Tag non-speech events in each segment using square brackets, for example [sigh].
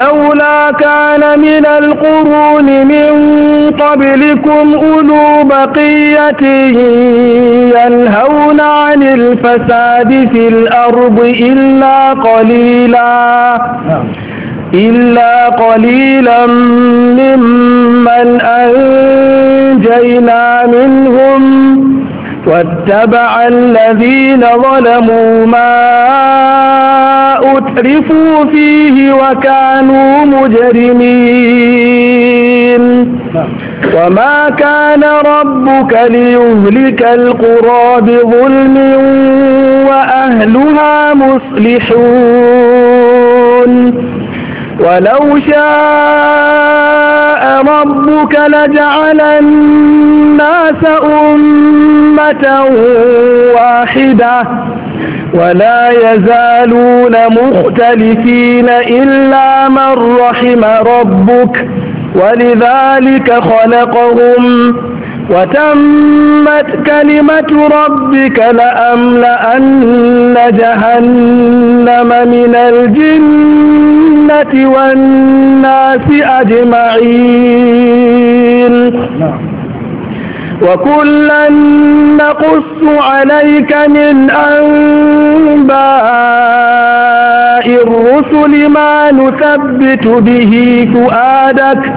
أولى كان من القرون من قبلكم أولو بقية ينهون عن الفساد في الأرض إلا قليلا إلا قليلا ممن أنجينا منهم واتبع الذين ظلموا ما أترفوا فيه وكانوا مجرمين وما كان ربك ليهلك القرى بظلم وأهلها مصلحون ولو شاء ربك لجعل الناس أمة واحدة ولا يزالون مختلفين إلا من رحم ربك ولذلك خلقهم وتمت كلمة ربك لأملأن جهنم من الجنة والناس أجمعين نعم. وكلا نقص عليك من أنباء الرسل ما نثبت به فؤادك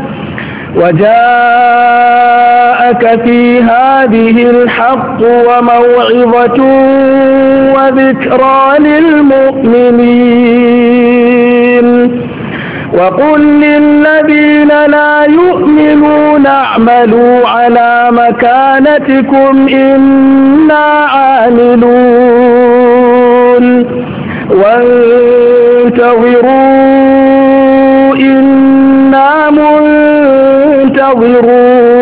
وجاءك في هذه الحق وموعظة وذكرى للمؤمنين وقل للذين لا يؤمنون اعملوا على مكانتكم إنا عاملون وانتظروا إنا منتظرون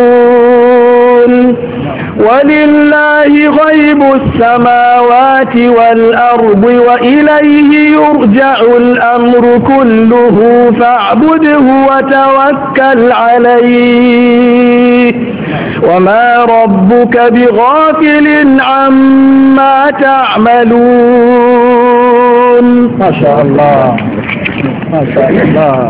ولله غيب السماوات والأرض وإليه يرجع الأمر كله فاعبده وتوكل عليه وما ربك بغافل عما تعملون ما شاء الله ما شاء الله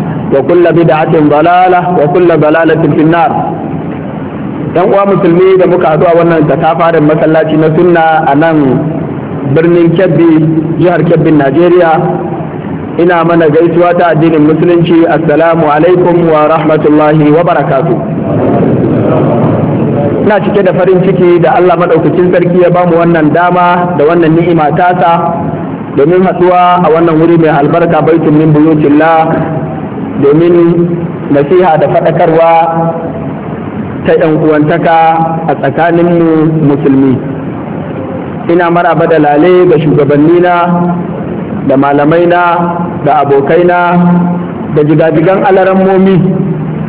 وكل بدعة ضلالة وكل ضلالة في النار yan uwa musulmi da muka haɗu a wannan takafarin masallaci na sunna a nan birnin kebbi jihar kebbin najeriya ina mana gaisuwa ta addinin musulunci assalamu alaikum wa rahmatullahi wa barakatu ina cike da farin ciki da allah maɗaukacin sarki ya bamu wannan dama da wannan ni'ima tasa domin haɗuwa a wannan wuri mai albarka baitin min buyutillah domin nasiha da faɗakarwa ta ‘yan uwantaka a tsakaninmu musulmi ina maraba da lale ga shugabannina da malamaina da abokaina da jigajigan alarammomi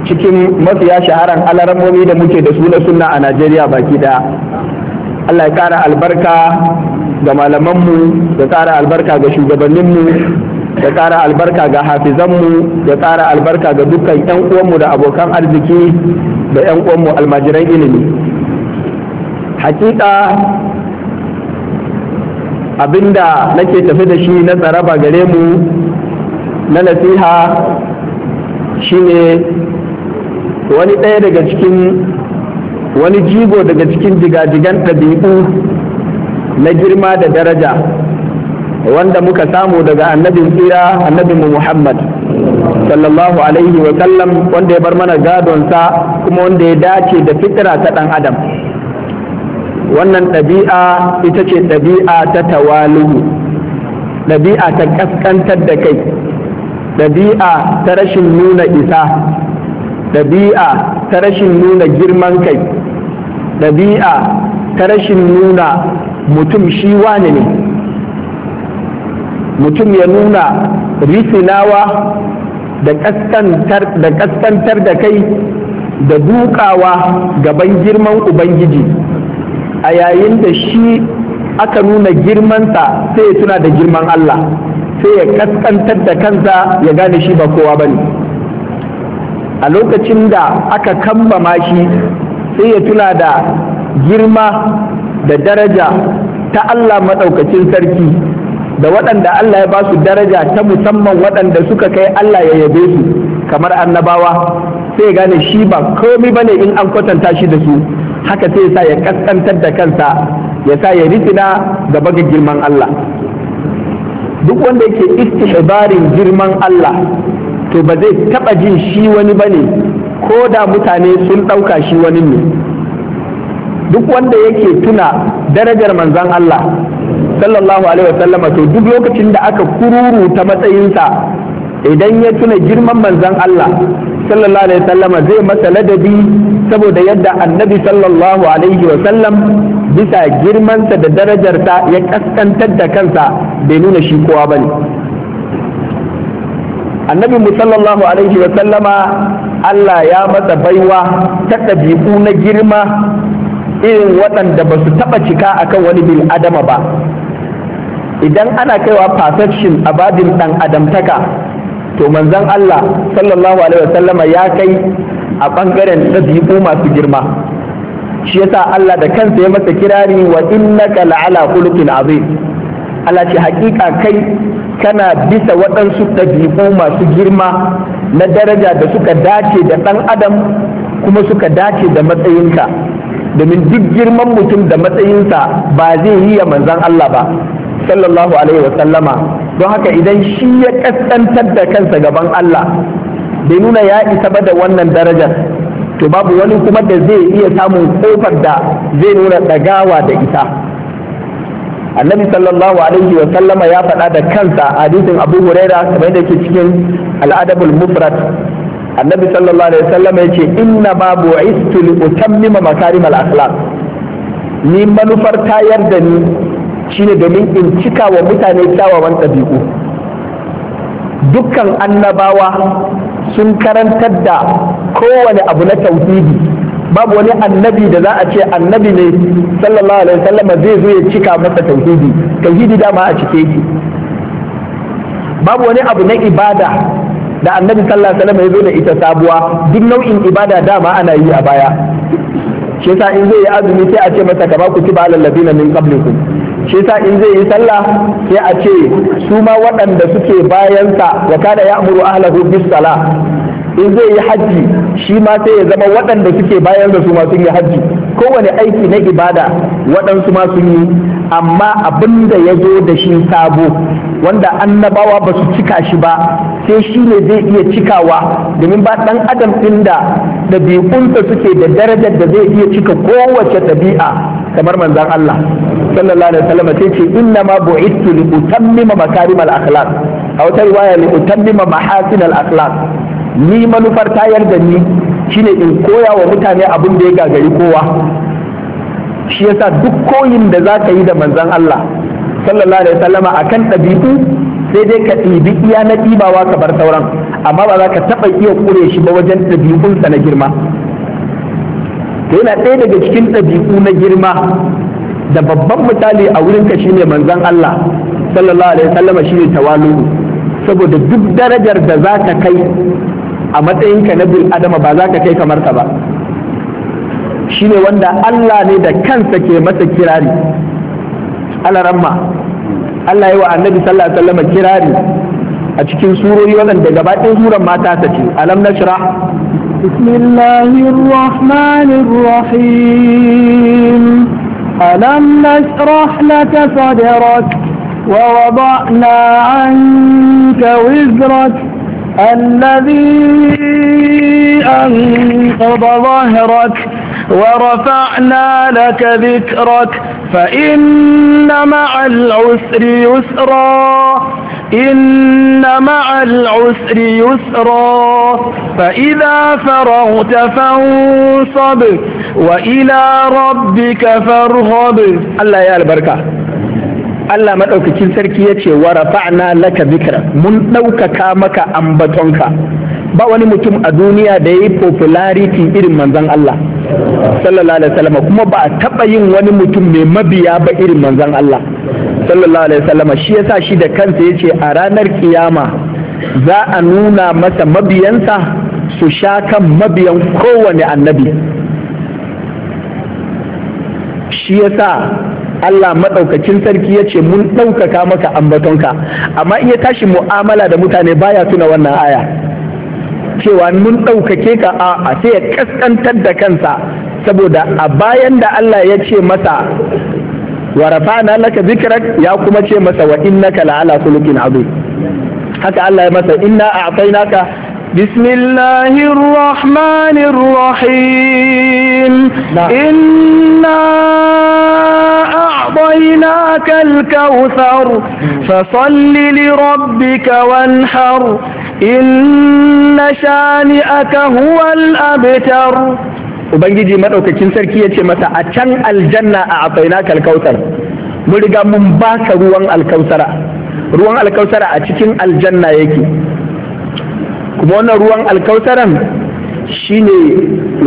cikin mafiya shaharan alarammomi da muke da suna na sunna a najeriya baki ɗaya. allah ya ƙara albarka ga malamanmu da kara albarka ga shugabanninmu ya ƙara albarka ga hafizanmu ya ƙara albarka ga dukkan 'yan uwanmu da abokan arziki da 'yan uwanmu almajiran ilimi hakika abinda nake tafi da shi na tsaraba gare mu na nasiha shine wani ɗaya daga cikin wani jigo daga cikin jigajigan ɗabi'u na girma da daraja wanda muka samu daga annabin tsira annabin Muhammad sallallahu alaihi wa sallam wanda ya bar mana gadonsa kuma wanda ya dace da fitra ta dan adam wannan ɗabi'a ita ce ɗabi'a ta tawalihu. ɗabi'a ta ƙasƙantar da kai ɗabi'a ta rashin nuna isa ɗabi'a ta rashin nuna girman kai ɗabi'a ta rashin nuna mutum shi wane ne mutum ya nuna risinawa da kaskantar da kai da dukawa gaban girman ubangiji a yayin da shi aka nuna girmansa sai ya tuna da girman Allah sai ya kaskantar da kansa ya gane shi ba kowa ba ne a lokacin da aka kammama shi sai ya tuna da girma da daraja ta Allah maɗaukacin sarki da waɗanda Allah ya ba su daraja ta musamman waɗanda suka kai Allah ya yabe su kamar annabawa sai gane shi ba komai bane in an kwatanta shi da su haka sai sa ya kaskantar da kansa ya sa ya ritsina gaba ga girman Allah duk wanda yake istihbarin girman Allah to ba zai taɓa jin shi wani ba ne ko da mutane sun ɗauka shi wani ne duk wanda yake tuna darajar manzan Allah sallallahu alaihi wasallama to duk lokacin da aka kururuta matsayinsa idan ya tuna girman manzon Allah sallallahu alaihi wasallama zai masa ladabi saboda yadda annabi sallallahu alaihi wasallam bisa girmansa da darajarsa ya kaskantar da kansa bai nuna shi kowa bane annabi mu sallallahu alaihi wasallama Allah ya masa baiwa ta ɗabi'u na girma irin waɗanda ba su taɓa cika akan wani bil adama ba idan ana kaiwa perfection a babin dan adamtaka to manzon Allah sallallahu alaihi wasallam ya kai a bangaren dabi'u masu girma shi yasa Allah da kansa ya masa kirari wa innaka la'ala khuluqin azim Allah ce hakika kai kana bisa waɗansu ɗabi'u masu girma na daraja da suka dace da ɗan adam kuma suka dace da matsayinka domin duk girman mutum da matsayinsa ba zai yi ya manzan Allah ba sallallahu alaihi wa sallama don haka idan shi ya kaskantar da kansa gaban Allah bai nuna ya isa ba da wannan darajar to babu wani kuma da zai iya samun kofar da zai nuna dagawa da ita annabi sallallahu alaihi wa sallama ya faɗa da kansa a hadisin abu huraira kamar yadda ke cikin al'adabul mufrad annabi sallallahu alaihi wa sallama ya ce inna babu bu'istu li utammima makarim akhlaq ni manufar tayar da ni shine domin in cika wa mutane kyawawan ɗabi'u dukkan annabawa sun karantar da kowane abu na tauhidi babu wani annabi da za a ce annabi ne sallallahu alaihi wasallam zai zo ya cika masa tauhidi tauhidi dama a cike yake babu wani abu na ibada da annabi sallallahu alaihi wasallam ya zo da ita sabuwa duk nau'in ibada dama ana yi a baya shi yasa in zai yi azumi sai a ce masa kama ku ci ba alal ladina min qablikum shi yasa in zai yi sallah sai a ce su ma waɗanda suke bayansa wa kana ya'muru ahlahu bis sala in zai yi hajji shi ma sai ya zama waɗanda suke bayan su ma sun yi hajji kowane aiki na ibada waɗansu ma sun yi amma abin da ya zo da shi sabo wanda annabawa ba su cika shi ba sai shi ne zai iya cikawa domin ba ɗan adam ɗin da ɗabi'unsa suke da darajar da zai iya cika kowace ɗabi'a kamar manzan Allah sallallahu alaihi wasallam sai ce inna ma bu'ittu li utammima makarim al akhlaq a ta riwaya li utammima mahasin al akhlaq ni manufar tayar da ni shine in koya wa mutane abin da ya gagari kowa shi yasa duk koyin da za ka yi da manzan Allah sallallahu alaihi wasallama akan ɗabi'u sai dai ka ɗibi iya na ɗibawa ka bar sauran amma ba za ka taɓa iya ƙure shi ba wajen ɗabi'unsa na girma to yana ɗaya daga cikin ɗabi'u na girma da babban misali a wurinka shine manzon Allah sallallahu alaihi wasallam shine tawalu saboda duk darajar da za ka kai a matsayinka na bil adama ba za ka kai kamar ka ba shine wanda Allah ne da kansa ke masa kirari alaramma Allah yi wa annabi sallallahu alaihi wasallam kirari a cikin surori da gaba ɗin suran mata ta ce alam Nashra. بسم الله الرحمن الرحيم ألم نشرح لك صدرك ووضعنا عنك وزرك الذي أنقض ظهرك ورفعنا لك ذكرك فإن مع العسر يسرا إن مع العسر يسرا فإذا فرغت فانصب وإلى ربك فارغب الله يا البركة Allah maɗaukakin sarki ya ce wa rafa'na laka zikra mun ɗaukaka maka ambatonka ba wani mutum a duniya da ya yi popularity irin manzon Allah sallallahu alaihi wasallam kuma ba a taba yin wani mutum mai mabiya ba irin manzon Allah sallallahu alaihi wasallam shi yasa shi da kansa yace a ranar kiyama za a nuna masa mabiyansa su sha kan mabiyan kowane annabi shi yasa Allah maɗaukacin sarki ya ce mun ɗaukaka maka ambatonka amma in ya tashi mu'amala da mutane baya tuna wannan aya cewa mun ɗaukake ka a sai ya kaskantar da kansa saboda a bayan da Allah ya ce masa wa rafa'na laka zikrak ya kuma ce masa wa innaka la'ala kulukin azim haka Allah ya masa inna a'tainaka بسم الله الرحمن الرحيم إنا أعطيناك الكوثر فصل لربك وانحر inna aka huwal abtar ubangiji madaukakin sarki ya ce masa a can aljanna a afaina kalkautar mun riga mun baka ruwan alkausara ruwan alkausara a cikin aljanna yake kuma wannan ruwan alkausaran shine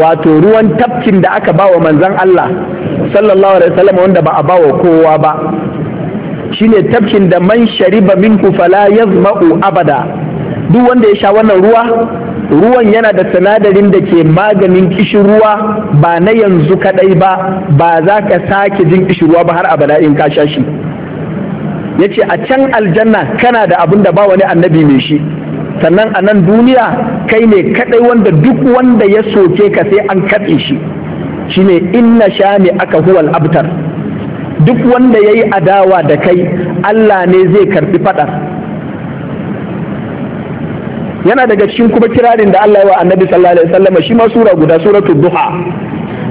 wato ruwan tafkin da aka bawa manzon Allah sallallahu alaihi wasallam wanda ba a bawa kowa ba shine tafkin da man shariba minku fala yazma'u abada duk wanda ya sha wannan ruwa ruwan yana da sinadarin da ke maganin ruwa ba na yanzu kadai ba ba za ka sake jin kishirwa ba har abada in ka sha shi ya ce a can aljanna kana da abin da ba wani annabi mai shi sannan a nan duniya kai ne kadai wanda duk wanda ya soke ka sai an katse shi shine inna sha ne aka huwal abtar duk wanda ya yi adawa da kai allah ne zai karbi fadar yana daga cikin kuma kirarin da Allah ya wa annabi sallallahu alaihi wasallam shi ma sura guda suratu duha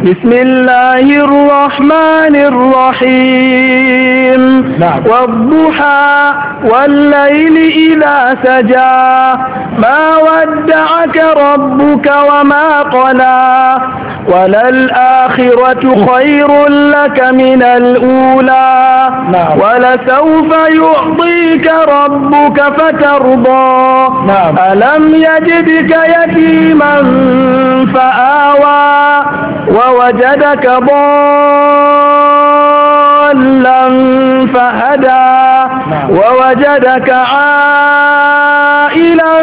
بسم الله الرحمن الرحيم نعم. والضحى والليل إذا سجى ما ودعك ربك وما قلى وللآخرة خير لك من الأولى نعم. ولسوف يعطيك ربك فترضى نعم. ألم يجدك يتيما فآوى ووجدك ضالا فهدى نعم. ووجدك عائلا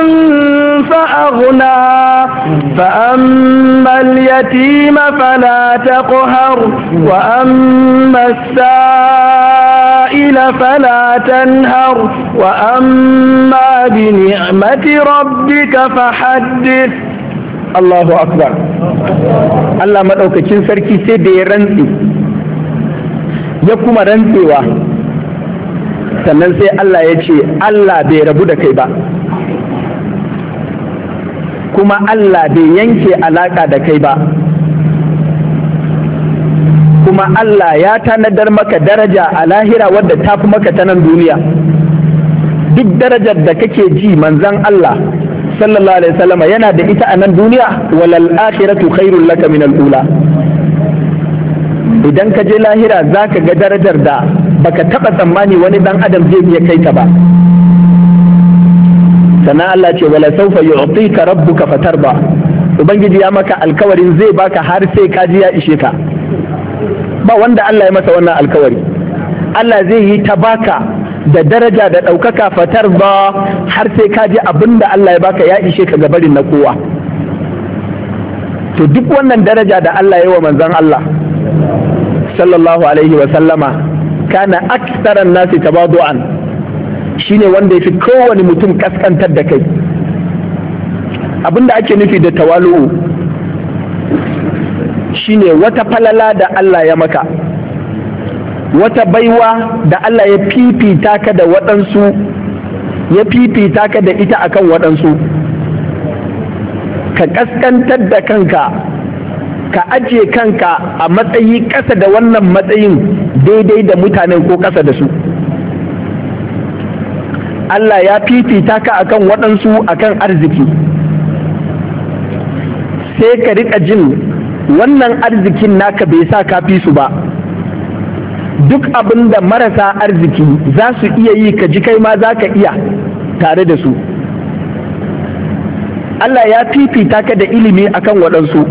فأغنى فأما اليتيم فلا تقهر وأما السائل فلا تنهر وأما بنعمة ربك فحدث Allahu akbar Allah maɗaukakin sarki sai da ya rantse ya kuma rantsewa sannan sai Allah ya ce Allah bai rabu da kai ba kuma Allah bai yanke alaƙa da kai ba kuma Allah ya tanadar maka daraja a lahira wadda ta fi maka ta nan duniya duk darajar da kake ji manzan Allah sallallahu alaihi wasallam yana da ita a nan duniya walal akhiratu khairul laka min al ula idan ka je lahira zaka ga darajar da baka taba tsammani wani dan adam zai iya kai ta ba sana Allah ce wala sawfa yu'tika rabbuka fatarba ubangiji ya maka alkawarin zai baka har sai ka ji ya ishe ka ba wanda Allah ya masa wannan alkawari Allah zai yi ta baka da daraja da ɗaukaka fatar ba har sai ka ji abin da Allah ya baka ya ishe ka gabarin na kowa to duk wannan daraja da Allah ya yi wa manzan Allah sallallahu alaihi wa sallama kana aksaran nasi tabadu'an shine wanda yafi kowane mutum kaskantar da kai Abin da ake nufi da tawalu'u shine wata falala da Allah ya maka wata baiwa da Allah ya fifita ka da waɗansu ya fifita ka da ita akan waɗansu ka ƙasƙantar da kanka ka ajiye kanka a matsayi ƙasa da wannan matsayin daidai da mutanen ko ƙasa da su Allah ya fifita ka akan waɗansu akan arziki sai ka riƙa jin wannan arzikin naka bai sa ka fi su ba duk abin da marasa arziki za su iya yi ka ji kai ma za ka iya tare da su Allah ya fifita ka da ilimi akan waɗansu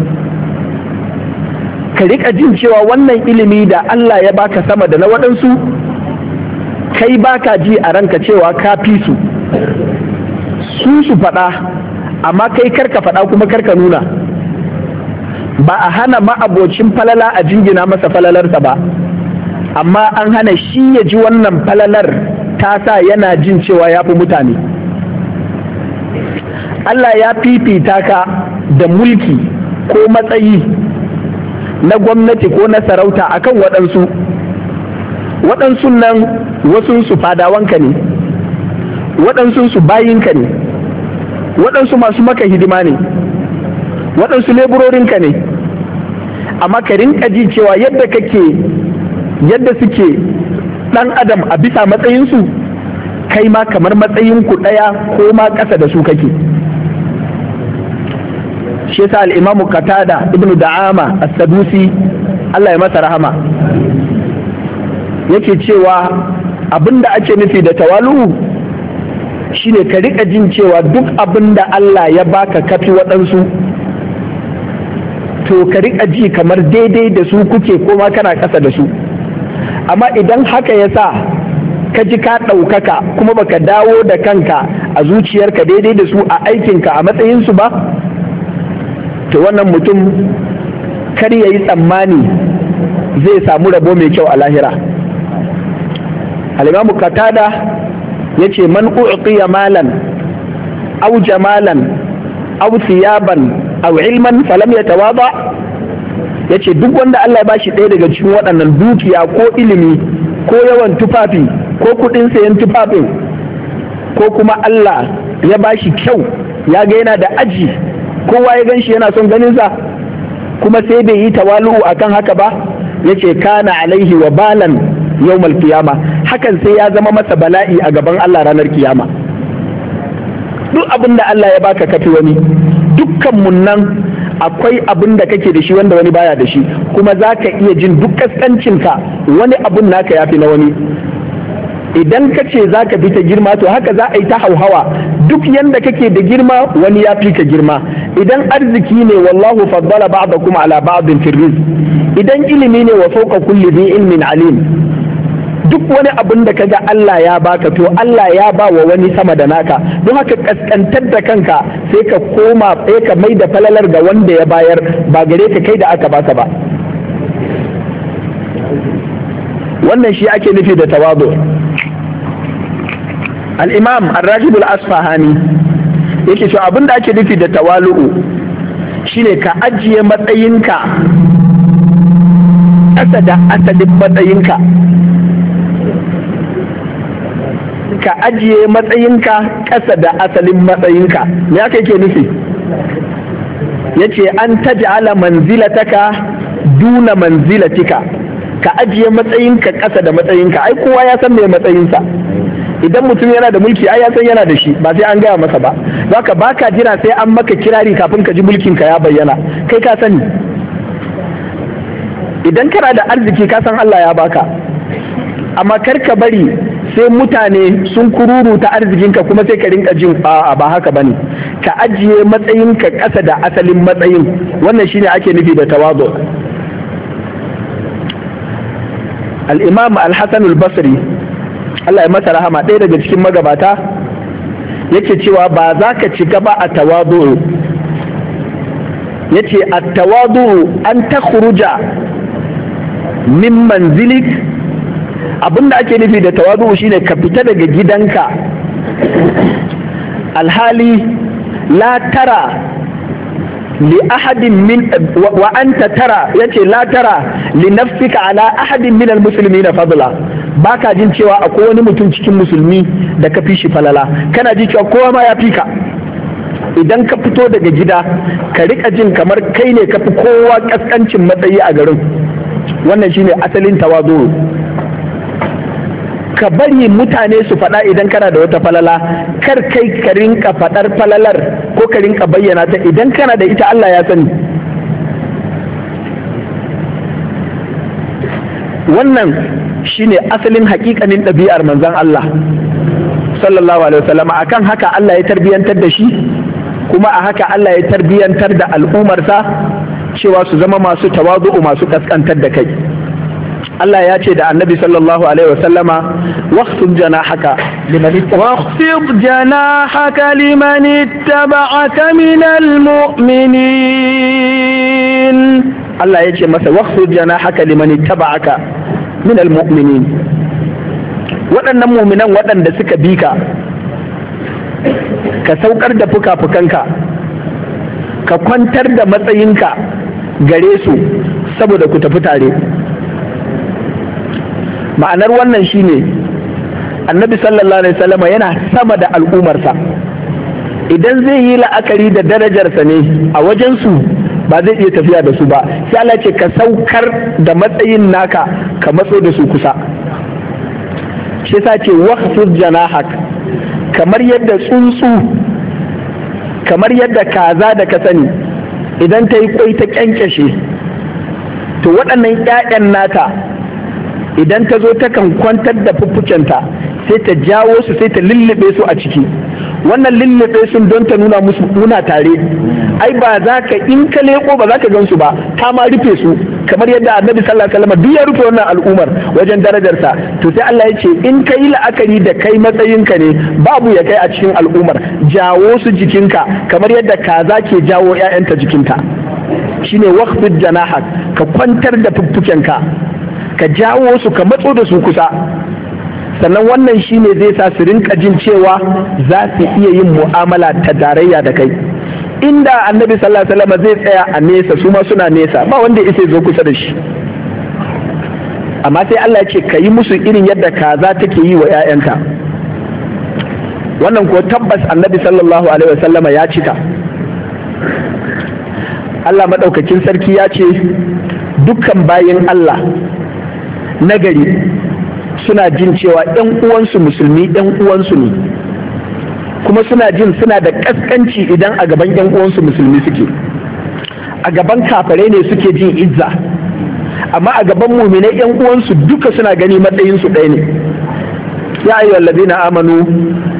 ka riƙa jin cewa wannan ilimi da Allah ya baka sama da na waɗansu kai baka ji a ranka cewa ka fi su su su faɗa amma kai karka faɗa kuma karka nuna ba a hana ma'abocin falala a jingina masa falalarsa ba amma an hana shi ya ji wannan falalar ta sa yana jin cewa ya fi mutane Allah ya fifita ka da mulki ko matsayi na gwamnati ko na sarauta akan waɗansu waɗansu nan wasunsu fadawanka ne waɗansunsu bayinka ne waɗansu masu maka hidima ne waɗansu leburorinka ne amma ka rinka ji cewa yadda kake yadda suke ɗan adam a bisa matsayinsu kai ma kamar matsayinku ɗaya ko ma ƙasa da su kake shi yasa al-imamu ibnu da'ama as-sadusi Allah ya masa rahama yake cewa abinda ake nufi da tawalu shine ka riƙa jin cewa duk da Allah ya baka kafi waɗansu to ka riƙa ji kamar daidai da su kuke ko ma kana ƙasa da su amma idan haka ya sa ka ji ka ɗaukaka kuma baka dawo da kanka a zuciyarka daidai da su a aikinka a matsayinsu ba to wannan mutum kar ya yi tsammani zai samu rabo mai kyau a lahira alimamu katada ya ce man u'qiya malan au jamalan au siyaban au ilman falam ya tawaba ya ce duk wanda Allah ya bashi ɗaya daga cikin waɗannan dukiya ko ilimi ko yawan tufafi ko kuɗin sayan tufafin ko kuma Allah ya bashi kyau ya ga yana da aji kowa ya ganshi yana son ganinsa kuma sai bai yi tawalu'u akan haka ba ya ce kana alaihi wa balan yau kiyama hakan sai ya zama masa bala'i a gaban Allah ranar kiyama duk abin da Allah ya baka kafi wani dukkan nan akwai abin da kake da shi wanda wani baya da shi kuma za ka iya jin duk kaskancinka wani abun naka ya fi na wani idan ka ce za ka fi ta girma to haka za a yi ta hauhawa duk yanda kake da girma wani ya fi ka girma idan arziki ne wallahu faddala ba'dakum ala ba'din fi idan ilimi ne wa fawqa kulli dhi ilmin alim duk wani abin da kaga Allah ya baka to Allah ya ba wa wani sama da naka don haka kaskantar da kanka sai ka koma sai ka mai da falalar ga wanda ya bayar ba gare ka kai da aka baka ba wannan shi ake nufi da tawazu al-imam ar-rajib al-asfahani yake cewa abin da ake nufi da tawalu'u shine ka ajiye matsayinka ƙasa da asalin matsayinka ka ajiye matsayinka ƙasa da asalin matsayinka me aka yake nufi yace an taj'ala manzilataka duna manzilatika ka ajiye matsayinka ƙasa da matsayinka ai kowa ya san me matsayinsa idan mutum yana da mulki ai ya san yana da shi ba sai an gaya masa ba zaka baka jira sai an maka kirari kafin ka ji mulkin ka ya bayyana kai ka sani idan kana da arziki ka san Allah ya baka amma kar ka bari sai mutane sun kururu ta arzikinka kuma sai ka rinka jin a'a ba haka bane ka ajiye matsayinka ƙasa da asalin matsayin wannan shine ake nufi da tawazu al-imam al-hasan al-basri Allah ya masa rahama ɗaya daga cikin magabata yake cewa ba za ka ci gaba a tawazu yace at-tawazu an takhruja min manzilik Abin da ake nufi da tawazu shine ka fita daga gidanka alhali la tara li ahadin min wa anta tara yace la tara li nafsika ala ahadin min almuslimin fadla baka jin cewa akwai wani mutum cikin musulmi da ka fi shi falala kana ji cewa kowa ma ya fi ka idan ka fito daga gida ka rika jin kamar kai ne ka fi kowa kaskancin matsayi a garin wannan shine asalin tawazu ka bari mutane su faɗa idan kana da wata falala kar kai ka rinka faɗar falalar ko ka rinka bayyana ta idan kana da ita Allah ya sani wannan shine asalin hakikanin ɗabi'ar manzon Allah sallallahu alaihi wasallam akan haka Allah ya tarbiyantar da shi kuma a haka Allah ya tarbiyantar da al'umarsa cewa su zama masu tawazu'u masu kaskantar da kai Allah ya ce da annabi sallallahu alaihi wasallama waqfid janahaka liman waqfid janahaka liman ittaba'aka minal mu'minin Allah ya ce masa waqfid janahaka liman ittaba'aka minal mu'minin waɗannan mu'minan waɗanda suka bi ka ka saukar da fuka-fukanka ka kwantar da matsayinka gare su saboda ku tafi tare ma'anar wannan shine annabi sallallahu alaihi wasallam yana sama da al'umarsa idan zai yi la'akari da darajarsa ne a wajensu ba zai iya tafiya da su ba sai Allah ce ka saukar da matsayin naka ka matso da su kusa shi yasa ce waqfuz janahak kamar yadda tsuntsu kamar yadda kaza da ka sani idan ta yi kwai ta kyankyashe to waɗannan 'ya'yan nata idan ta zo takan kwantar da fuffucenta sai ta jawo su sai ta lullube su a ciki wannan lullube sun don ta nuna musu muna tare ai ba za ka in ka leko ba za ka gansu ba ta ma rufe su kamar yadda annabi sallallahu alaihi wasallam duk ya rufe wannan al'umar wajen darajarsa to sai Allah ya ce in ka yi la'akari da kai matsayinka ne babu ya kai a cikin al'umar jawo su jikinka kamar yadda kaza ke jawo 'ya'yanta jikinta shine waqfid janahak ka kwantar da fuffukenka ka jawo su ka matso da su kusa sannan wannan shine zai sa su rinka jin cewa za su iya yin mu'amala ta tarayya da kai inda annabi sallallahu alaihi wasallam zai tsaya a nesa su ma suna nesa ba wanda ya zo kusa da shi amma sai Allah ce ka yi musu irin yadda kaza take yi wa 'ya'yanka wannan ko tabbas annabi sallallahu alaihi wasallama ya cika Allah Madaukakin sarki ya ce dukkan bayin Allah nagari suna jin cewa ‘yan uwansu musulmi ‘yan uwansu ne kuma suna jin suna da ƙasƙanci idan a gaban ‘yan uwansu musulmi suke a gaban kafare ne suke jin izza amma a gaban muminai ‘yan uwansu duka suna gani matsayinsu ɗaya ne ya na amanu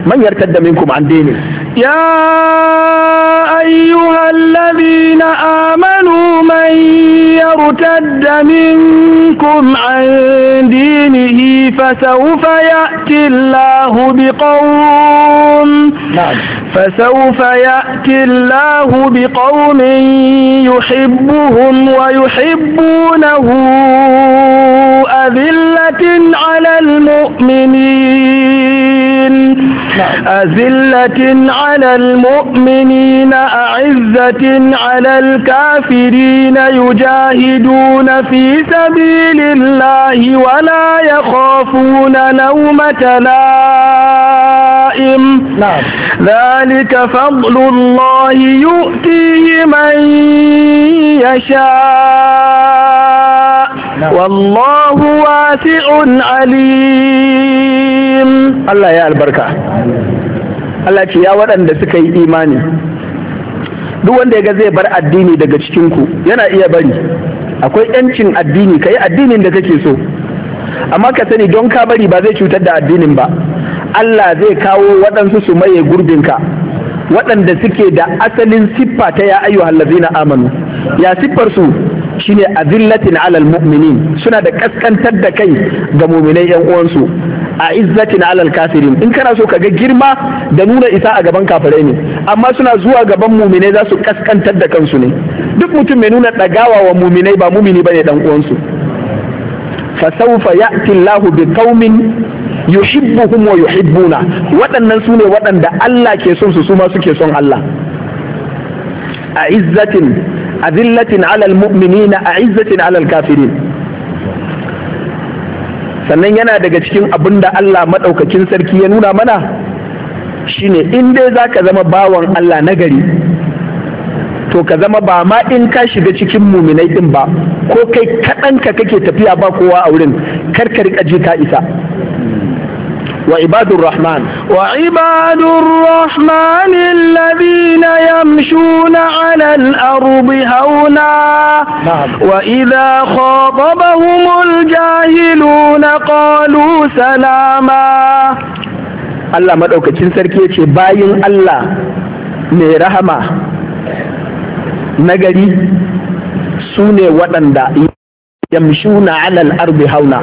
man yartadda minkum an dini يا أيها الذين آمنوا من يرتد منكم عن دينه فسوف يأتي الله بقوم نعم. فسوف يأتي الله بقوم يحبهم ويحبونه أذلة على المؤمنين نعم. أذلة على المؤمنين أعزة على الكافرين يجاهدون في سبيل الله ولا يخافون لومة لائم نعم. ذلك فضل الله يؤتيه من يشاء wallahu wasi'un alim Allah ya albarka Allah ce ya waɗanda suka yi imani duk wanda ya ga zai bar addini daga cikinku yana iya bari akwai yancin addini ka yi addinin da kake so amma ka sani don ka bari ba zai cutar da addinin ba Allah zai kawo waɗansu su maye ka. waɗanda suke da asalin siffa ta ya ayyuhallazina hallazina amanu ya siffar su shine azillatin alal mu'minin suna da kaskantar da kai ga mu'minai yan uwansu a izzatin alal kafirin in kana so ka ga girma da nuna isa a gaban kafirai ne amma suna zuwa gaban mu'minai za su kaskantar da kansu ne duk mutum mai nuna dagawa wa mu'minai ba mu'mini bane dan uwansu fa sawfa ya'ti Allahu bi qaumin yuhibbuhum wa waɗannan su ne waɗanda Allah ke son su su ma suke son Allah a izzatin azillatin alal المؤمنين a'izzatin alal kafirin sannan yana daga cikin abin da Allah maɗaukakin sarki ya nuna mana shine in dai za ka zama bawan Allah nagari to ka zama ba ma in ka shiga cikin muminai ɗin ba ko kai kaɗanka kake tafiya ba kowa a wurin karkar riƙa ji ka isa وعباد الرحمن وعباد الرحمن الذين يمشون على الأرض هونا نعم. وإذا خاطبهم الجاهلون قالوا سلاما Allah maɗaukacin sarki ya ce bayin Allah mai rahama nagari su ne waɗanda yamshuna alal ardi hauna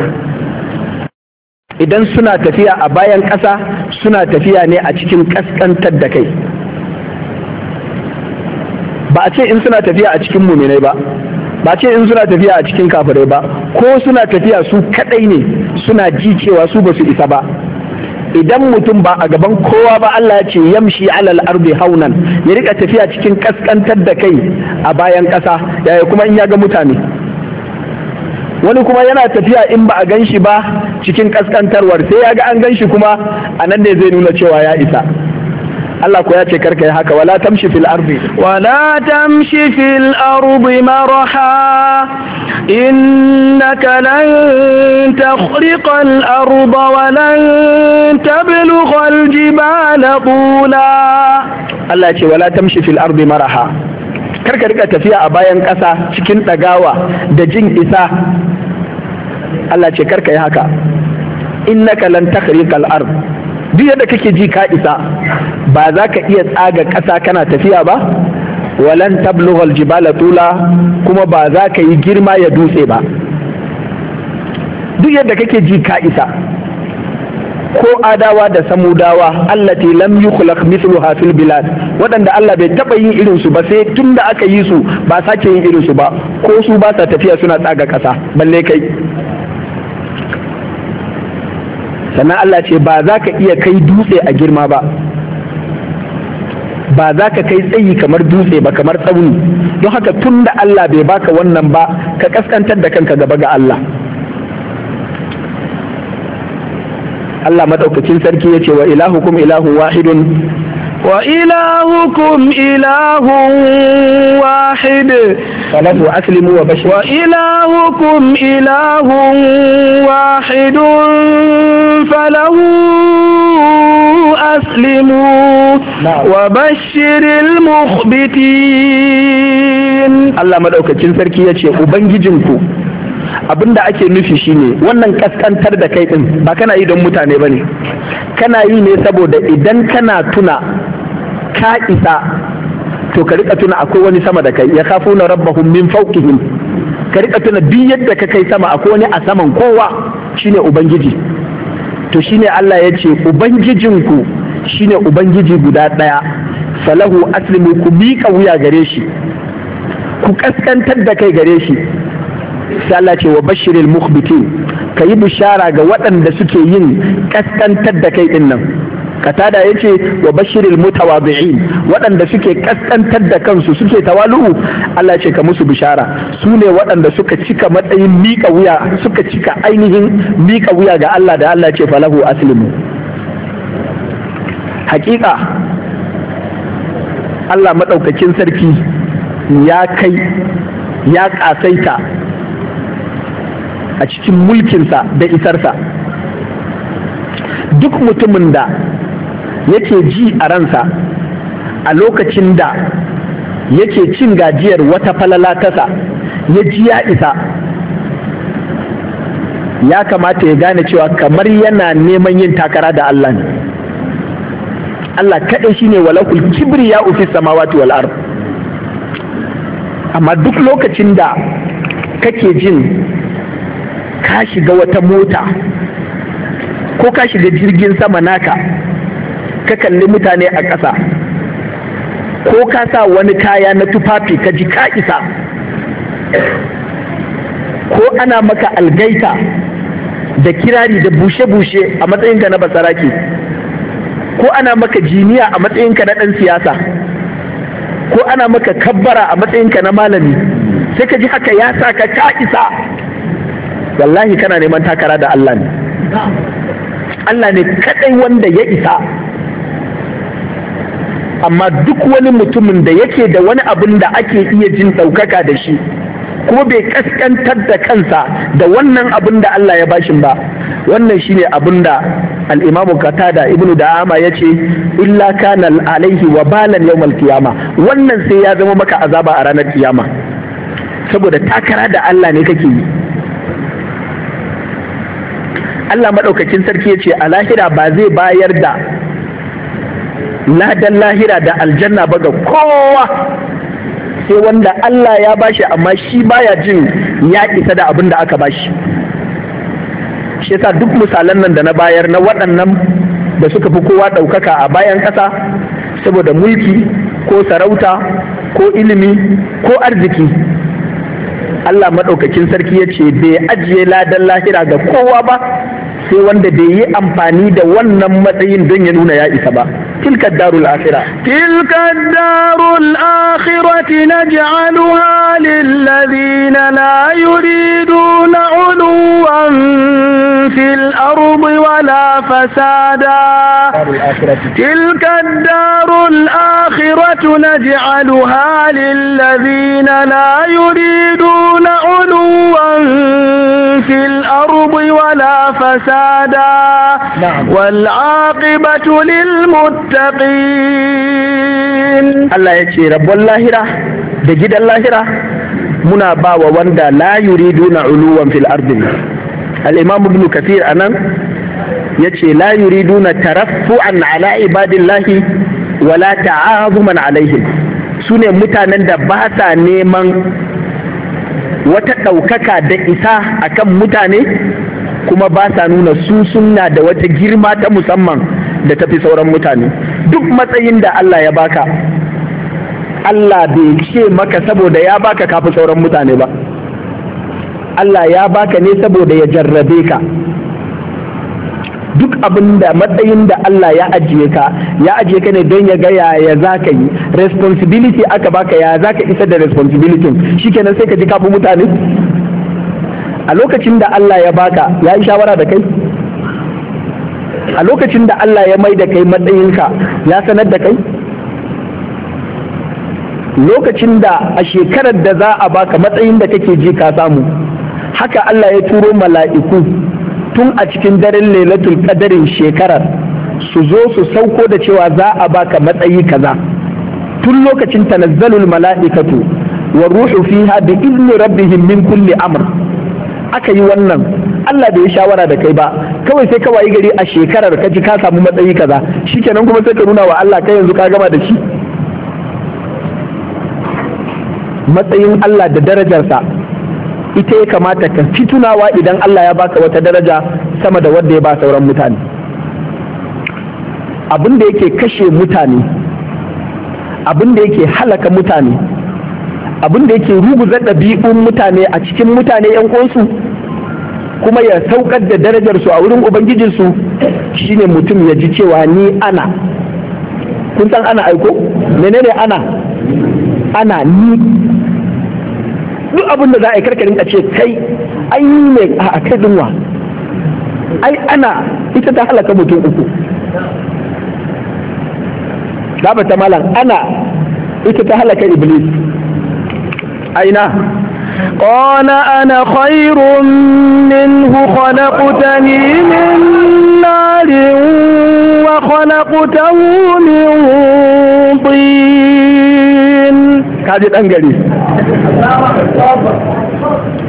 idan suna tafiya a bayan ƙasa suna tafiya ne a cikin ƙasƙantar da kai ba a ce in suna tafiya a cikin muminai ba ba ce in suna tafiya a cikin kafirai ba ko suna tafiya su kaɗai ne suna ji cewa su ba su isa ba idan mutum ba a gaban kowa ba Allah ya ce yamshi alal ardi haunan ya rika tafiya cikin kaskantar da kai a bayan kasa yaya kuma in ya ga mutane wani kuma yana tafiya in ba a gan shi ba cikin kaskantarwar sai ya ga an gan shi kuma a nan ne zai nuna cewa ya isa Allah ko ya ce karka yi haka wala tamshi fil ardi wala tamshi fil ardi maraha innaka lan takhriqa al arda wa lan tablugha al jibala tula Allah ce wala tamshi fil ardi maraha karka rika tafiya a bayan ƙasa cikin ɗagawa da jin isa Allah ce karka yi haka innaka lan takhriqal ard duk yadda kake ji ka isa ba za ka iya tsaga ƙasa kana tafiya ba walan tablughal jibala tula kuma ba za ka yi girma ya dutse ba duk yadda kake ji ka isa ko adawa da samudawa allati lam yukhlaq mithluha fil bilad waɗanda Allah bai taɓa yin irin su ba sai tunda aka yi su ba sake yin irin su ba ko su ba sa tafiya suna tsaga ƙasa balle kai sannan Allah ce ba za ka iya kai dutse a girma ba ba za ka kai tsayi kamar dutse ba kamar tsauni don haka tun da Allah bai baka wannan ba ka kaskantar da kanka gaba ga Allah Allah madaukakin sarki ya ce wa ilahu kuma ilahu wahidun وإلهكم إله واحد فله أسلموا وبشر وإلهكم إله واحد فله أسلموا وبشر المخبتين الله مدعوك تنسر كي يتشي abin da ake nufi shine wannan kaskantar da kai din ba kana yi don mutane ba ne kana yi ne saboda idan kana tuna ka isa to ka rika tuna akwai wani sama da kai ya na rabbahum min fawqihim ka rika tuna duk yadda ka kai sama akwai wani a saman kowa shine ubangiji to shine Allah ya ce ubangijinku shine ubangiji guda ɗaya falahu aslimu ku miƙa wuya gare shi ku kaskantar da kai gare shi sai ce wa bashiril mukhbitin ka yi bishara ga waɗanda suke yin kaskantar da kai ɗin katada yace wa bashiril mutawadhi'in waɗanda suke kaskantar da kansu suke tawalu Allah ce ka musu bishara su ne waɗanda suka cika matsayin miƙa wuya suka cika ainihin miƙa wuya ga Allah da Allah ce falahu aslimu hakika Allah maɗaukakin sarki ya kai ya ƙasaita a cikin mulkinsa da isarsa duk mutumin da yake ji a ransa a lokacin da yake cin gajiyar wata falala tasa ya ji ya isa ya kamata ya gane cewa kamar yana neman yin takara da Allah ne Allah kaɗai shine walakul kibri ya ufi samawati wal ard amma duk lokacin da kake jin ka shiga wata mota ko ka shiga jirgin sama naka ka kalli mutane a ƙasa ko ka sa wani kaya na tufafi ka ji ka isa ko ana maka algaita da kirari da bushe-bushe a matsayinka na basaraki ko ana maka jiniya a matsayinka na ɗan siyasa ko ana maka kabbara a matsayinka na malami sai ka ji haka ya sa ka ka isa wallahi kana neman takara da Allah ne Allah ne kadai wanda ya isa amma duk wani mutumin da yake da wani abin da ake iya jin ɗaukaka da shi kuma bai kaskantar da kansa da wannan abin da Allah ya bashin ba wannan shine abin da alimamu kata da ibnu da'ama ya ce illa kana alaihi wa balan yau wannan sai ya zama maka azaba a ranar kiyama saboda takara da Allah ne kake yi Allah maɗaukakin sarki ya ce Alahira ba zai bayar da ladan lahira da aljanna ba ga kowa sai wanda Allah ya bashi amma shi baya jin ya isa da abin da aka bashi shi yasa duk misalan nan da na bayar na waɗannan da suka fi kowa ɗaukaka a bayan ƙasa saboda mulki ko sarauta ko ilimi ko arziki Allah maɗaukakin sarki ya ce bai ajiye ladan lahira ga kowa ba sai wanda bai yi amfani da wannan matsayin don ya nuna ya isa ba. تلك الدار الآخرة تلك الدار الآخرة نجعلها للذين لا يريدون علوا في الأرض ولا فسادا تلك الدار الآخرة نجعلها للذين لا يريدون علوا في الأرض ولا فسادا نعم. والعاقبة للمتقين muttaqin Allah ya ce rabbon lahira da gidan lahira muna ba wa wanda la yuridu na uluwan fil ardin al-imam ibn kathir anan ya ce la yuridu na taraffu an ala ibadillahi wala ta'azuman alaihim su mutanen da ba sa neman wata ɗaukaka da isa akan mutane kuma ba sa nuna su suna da wata girma ta musamman da tafi sauran mutane duk matsayin da Allah ya baka Allah bai ce maka saboda ya baka kafi sauran mutane ba Allah ya baka ne saboda ya jarrabe ka duk abin da matsayin da Allah ya ajiye ka ya ajiye ka ne don ya ga yaya za ka yi responsibility aka baka ya za ka isa da responsibility shikenan sai ka ji kafin mutane a lokacin da Allah ya baka ya yi shawara da kai a lokacin da Allah ya mai da kai matsayinka ya sanar da kai lokacin da a shekarar da za a baka matsayin da kake ji ka samu haka Allah ya turo mala'iku tun a cikin daren lailatul qadarin shekarar su zo su sauko da cewa za a baka matsayi kaza tun lokacin tanazzalul mala'ikatu wa ruhu fiha bi izni rabbihim min kulli amr aka yi wannan Allah bai shawara da kai ba kawai sai ka wayi gari a shekarar ka ji ka samu matsayi kaza shikenan kuma sai ka nuna wa Allah kai yanzu ka gama da shi matsayin Allah da darajarsa ita ya kamata ka fi tunawa idan Allah ya baka wata daraja sama da wanda ya ba sauran mutane abin da yake kashe mutane abin da yake halaka mutane abin da yake ruguza ɗabi'un mutane a cikin mutane 'yan uwansu kuma ya saukar da darajarsu a wurin ubangijinsu shine mutum ya ji cewa ni ana kun san ana aiko menene ana ana ni duk abin da za a yi karkarin a ce kai an yi ne a kai dinwa ai ana ita ta halaka mutum uku ta malam ana ita ta halaka iblis aina قال أنا خير منه خلقتني من نار وخلقته من طين kaji ɗan gari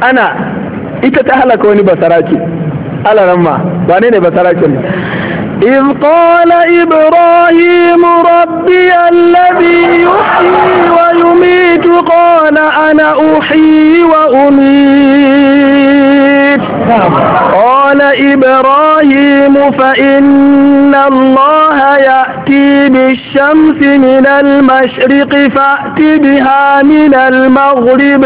ana ita ta halaka wani basaraki alaran ma wane ne basarakin إذ قال إبراهيم ربي الذي يحيي ويميت قال أنا أحيي وأميت قال إبراهيم فإن الله يأتي بالشمس من المشرق فأت بها من المغرب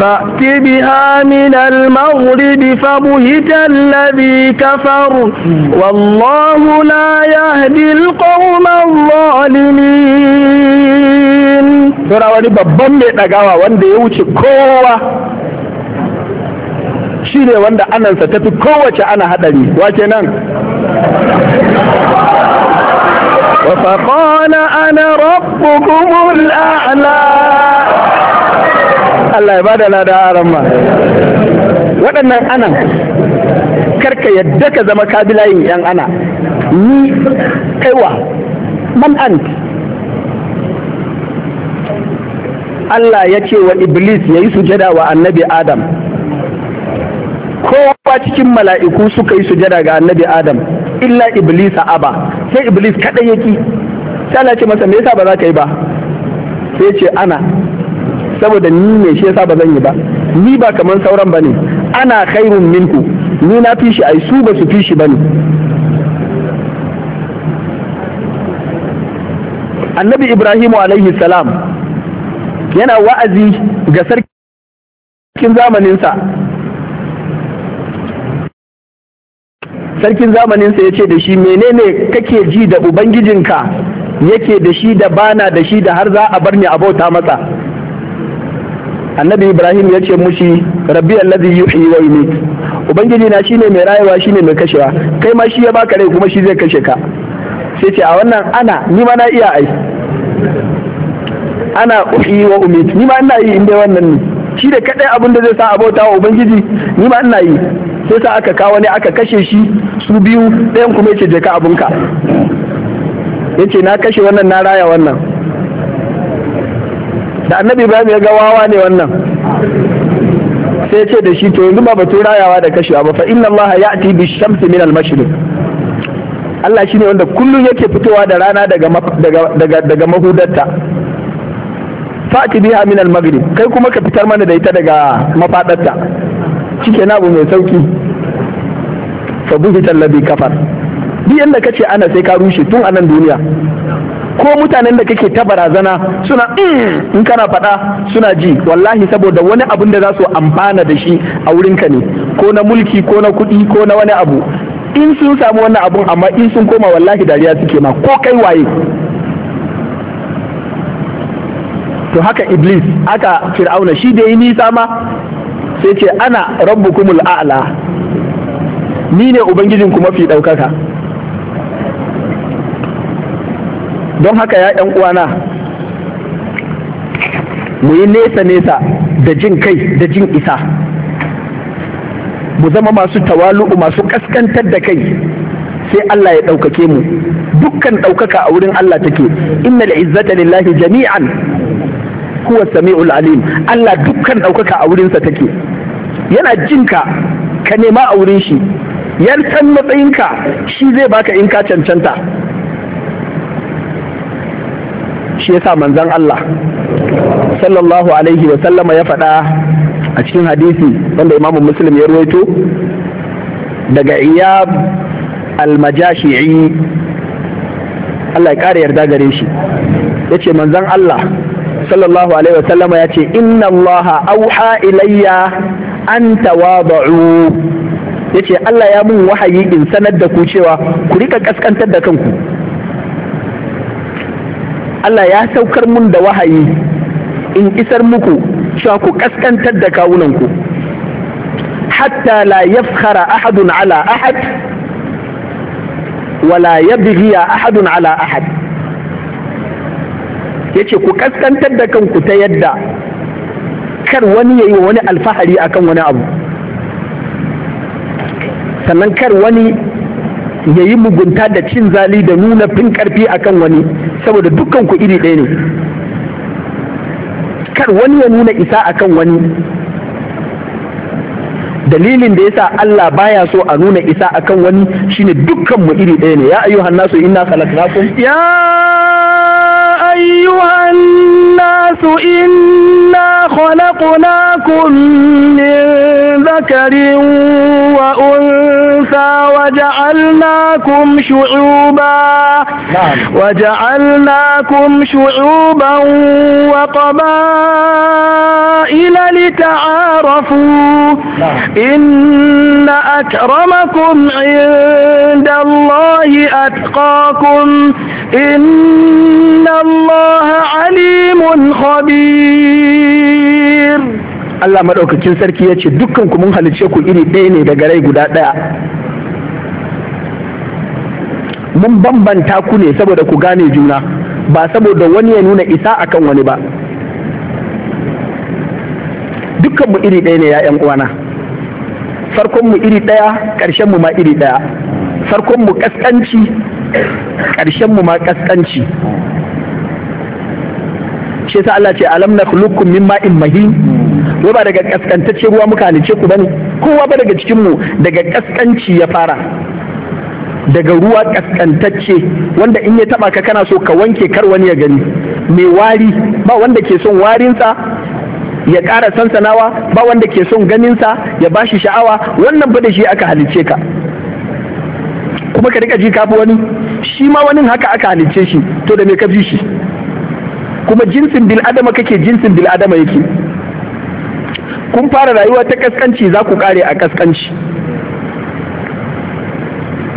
فأت بها من المغرب فبهت الذي كفر والله لا يهدي القوم الظالمين ترى wani babban mai ɗagawa wanda ya wuce kowa shi ne wanda anansa tafi kowace ana haɗari wa kenan فقال أنا ربكم الأعلى Allah ya ana karka yadda ka zama kabilayin yan ana ni kaiwa man Allah ya ce wa Iblis ya yi sujada wa annabi Adam kowa cikin mala'iku suka yi sujada ga annabi Adam illa iblis aba sai iblis kadai yaki sai Allah ce masa me yasa ba za ka yi ba sai ce ana saboda ni ne shi yasa ba zan yi ba ni ba kaman sauran bane ana khairun minku ni na fi shi ai su ba su fi shi bane annabi ibrahimu alaihi salam yana wa'azi ga sarkin zamaninsa sarkin zamanin sa ce da shi menene kake ji da ubangijinka yake da shi da bana da shi da har za a bar ni a bauta masa annabi ibrahim ya ce mushi rabbi allazi yuhyi wa yumit ubangiji na shine mai rayuwa shine mai kashewa kai ma shi ya baka rai kuma shi zai kashe ka sai ce a wannan ana ni ma na iya ai ana uhyi wa umit ni ma ina yi inda wannan ne shi da kadai abin da zai sa abota wa ubangiji ni ma ina yi sai sa aka kawo ne aka kashe shi su biyu ɗayan kuma yace je ka abunka yace na kashe wannan na raya wannan da annabi ibrahim ya ga wawa ne wannan sai ya ce da shi to yanzu ba batun rayawa da kashewa ba fa inna allah ya'ti bi shamsi min al mashriq Allah shine wanda kullum yake fitowa da rana daga daga daga, daga mahudarta fa'ti biha min al maghrib kai kuma ka fitar mana da ita daga mafadarta cike na abu mai sauki fa buhi alladhi kafar duk yanda kace ana sai ka rushe tun a nan duniya ko mutanen da kake ta barazana suna mm, in kana faɗa suna ji wallahi saboda wani abun da za su amfana da shi a wurinka ne ko na mulki ko na kuɗi ko na wani abu in sun samu wannan abun amma in sun koma wallahi dariya suke ma ko kai waye to haka iblis aka fir'auna shi da yi nisa ma sai ce ana rabbukumul a'la ni ne ubangijin ku mafi ɗaukaka don haka ya ‘yan uwana mu yi nesa-nesa da jin kai da jin isa mu zama masu tawalu'u masu kaskantar da kai sai Allah ya ɗaukake mu dukkan ɗaukaka a wurin Allah take innal izzata lillahi jami'an huwa sami'ul alim Allah dukkan ɗaukaka a wurinsa take yana jinka ka nema a wurin shi yarkan matsayinka shi zai baka in ka cancanta shi yasa manzon Allah sallallahu alaihi wa sallama ya faɗa a cikin hadisi wanda imamu muslim ya ruwaito daga iyab almajashi'i Allah ya ƙara yarda gare shi ya ce manzon Allah sallallahu alaihi wa sallama ya ce inna Allah auha ilayya an tawada'u yace Allah ya mun wahayi in sanar da ku cewa ku rika kaskantar da kanku Allah ya saukar mun da wahayi in isar muku cewa ku kaskantar da kawunanku hatta la yafkhara ahadun ala ahad wala yabghiya ahadun ala ahad yace ku kaskantar da kanku ta yadda kar wani ya yi wani alfahari akan wani abu sannan kar wani ya yi mugunta da cin zali da nuna fin karfi akan wani saboda dukkan ku iri ɗaya ne kar wani ya nuna isa akan wani dalilin da yasa Allah baya so a nuna isa akan wani shine dukkan mu iri ɗaya ne ya ayyuhan nasu inna khalaqnakum ya ayyuhan nasu الناس إنا خلقناكم من ذكر وأنثى وجعلناكم شعوبا نعم. وجعلناكم شعوبا وقبائل لتعارفوا نعم. إن أكرمكم عند الله أتقاكم إن الله عليم khabir Allah madaukakin sarki ya ce dukkan ku mun halice ku iri ɗaya ne daga rai guda ɗaya mun bambanta ku ne saboda ku gane juna ba saboda wani ya nuna isa akan wani ba dukkan mu iri ɗaya ne ya ƴan uwana farkon mu iri ɗaya ƙarshen mu ma iri ɗaya farkon mu ƙasƙanci ƙarshen mu ma ƙasƙanci ce ta, Allah ce alam nakhluqukum min ma'in mahin wai ba daga kaskantacce ruwa muka halice ku bane kowa ba daga cikin mu daga kaskanci ya fara daga ruwa kaskantacce wanda in ya taba ka kana so ka wanke kar wani ya gani mai wari ba wanda ke son warinsa ya ƙara sansanawa ba wanda ke son ganinsa ya bashi sha'awa wannan fa da shi aka halice ka kuma ka rika ji kafi wani shi ma wani haka aka halice shi to da me ka ji shi kuma jinsin bil'adama kake jinsin bil'adama yake kun fara rayuwa ta kaskanci za ku kare a kaskanci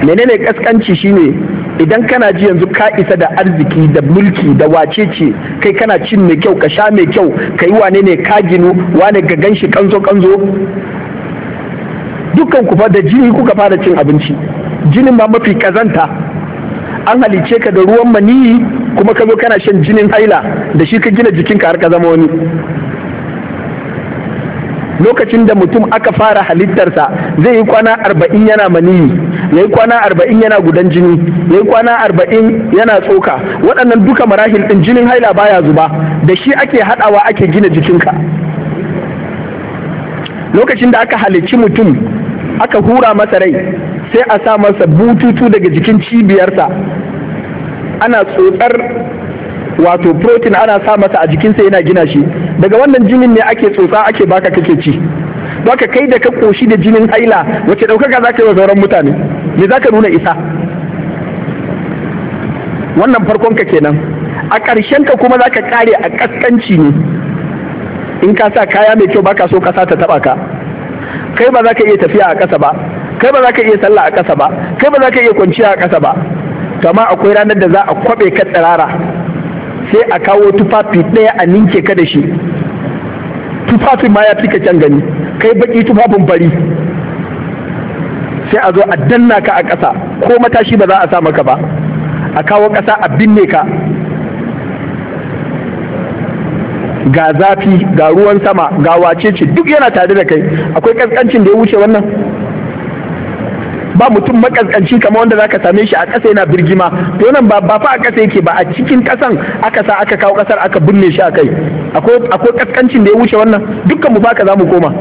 menene kaskanci shine idan kana ji yanzu ka isa da arziki da mulki da wace ce kai kana cin mai kyau ka sha mai kyau ka yi wane ne ka ginu wane ga ganshi kanzo kanzo dukkan ku da jini kuka fara cin abinci jinin ma mafi kazanta an halice ka da ruwan maniyi kuma ka zo kana shan jinin haila da shi ka gina jikinka har ka zama wani lokacin da mutum aka fara halittarsa zai yi kwana arba'in yana maniyi ya yi kwana arba'in yana gudan jini ya yi kwana arba'in yana tsoka waɗannan duka marahil ɗin jinin haila baya zuba da shi ake haɗawa ake gina jikinka lokacin da aka halicci mutum aka hura masa rai sai a sa masa bututu daga jikin cibiyarsa ana tsotsar wato protein ana sa masa a jikinsa yana gina shi daga wannan jinin ne ake tsotsa ake baka kake ci baka kai da ka koshi da jinin haila wacce ɗaukaka za ka yi wa sauran mutane me za ka nuna isa wannan farkon ka kenan a ƙarshen ka kuma za ka kare a ƙasƙanci ne in ka sa kaya mai kyau baka so ƙasa ta taɓa ka kai ba za ka iya tafiya a ƙasa ba kai ba za ka iya sallah a ƙasa ba kai ba za ka iya kwanciya a ƙasa ba kama akwai ranar da za a kwabe ka tsirara sai a kawo tufafi ɗaya a ninke ka da shi tufafin ma ya fi ka can gani kai baki tufafin bari sai a zo a danna ka a ƙasa ko matashi ba za a sa maka ba a kawo ƙasa a binne ka ga zafi ga ruwan sama ga wacece duk yana tare da kai akwai ƙasƙancin da ya wuce wannan ba mutum makaskanci kamar wanda zaka same shi a ƙasa yana birgima to nan ba ba fa a ƙasa yake ba a cikin ƙasan aka sa aka kawo ƙasar aka binne shi a kai akwai akwai da ya wuce wannan dukkan mu baka zamu koma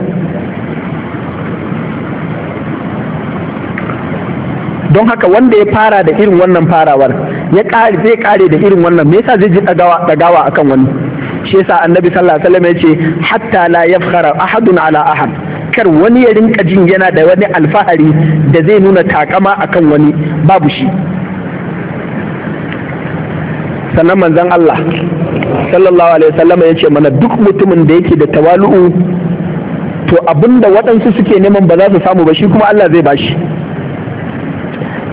don haka wanda ya fara da irin wannan farawar ya kare zai kare da irin wannan me yasa zai ji dagawa dagawa akan wani shi yasa annabi sallallahu alaihi wasallam ya ce hatta la yafkhara ahadun ala ahad kar wani ya rinka jin yana da wani alfahari da zai nuna takama akan wani babu shi sannan manzan Allah sallallahu alaihi wasallama ya ce mana duk mutumin da yake da tawalu'u to abinda waɗansu suke neman ba za su samu ba shi kuma Allah zai bashi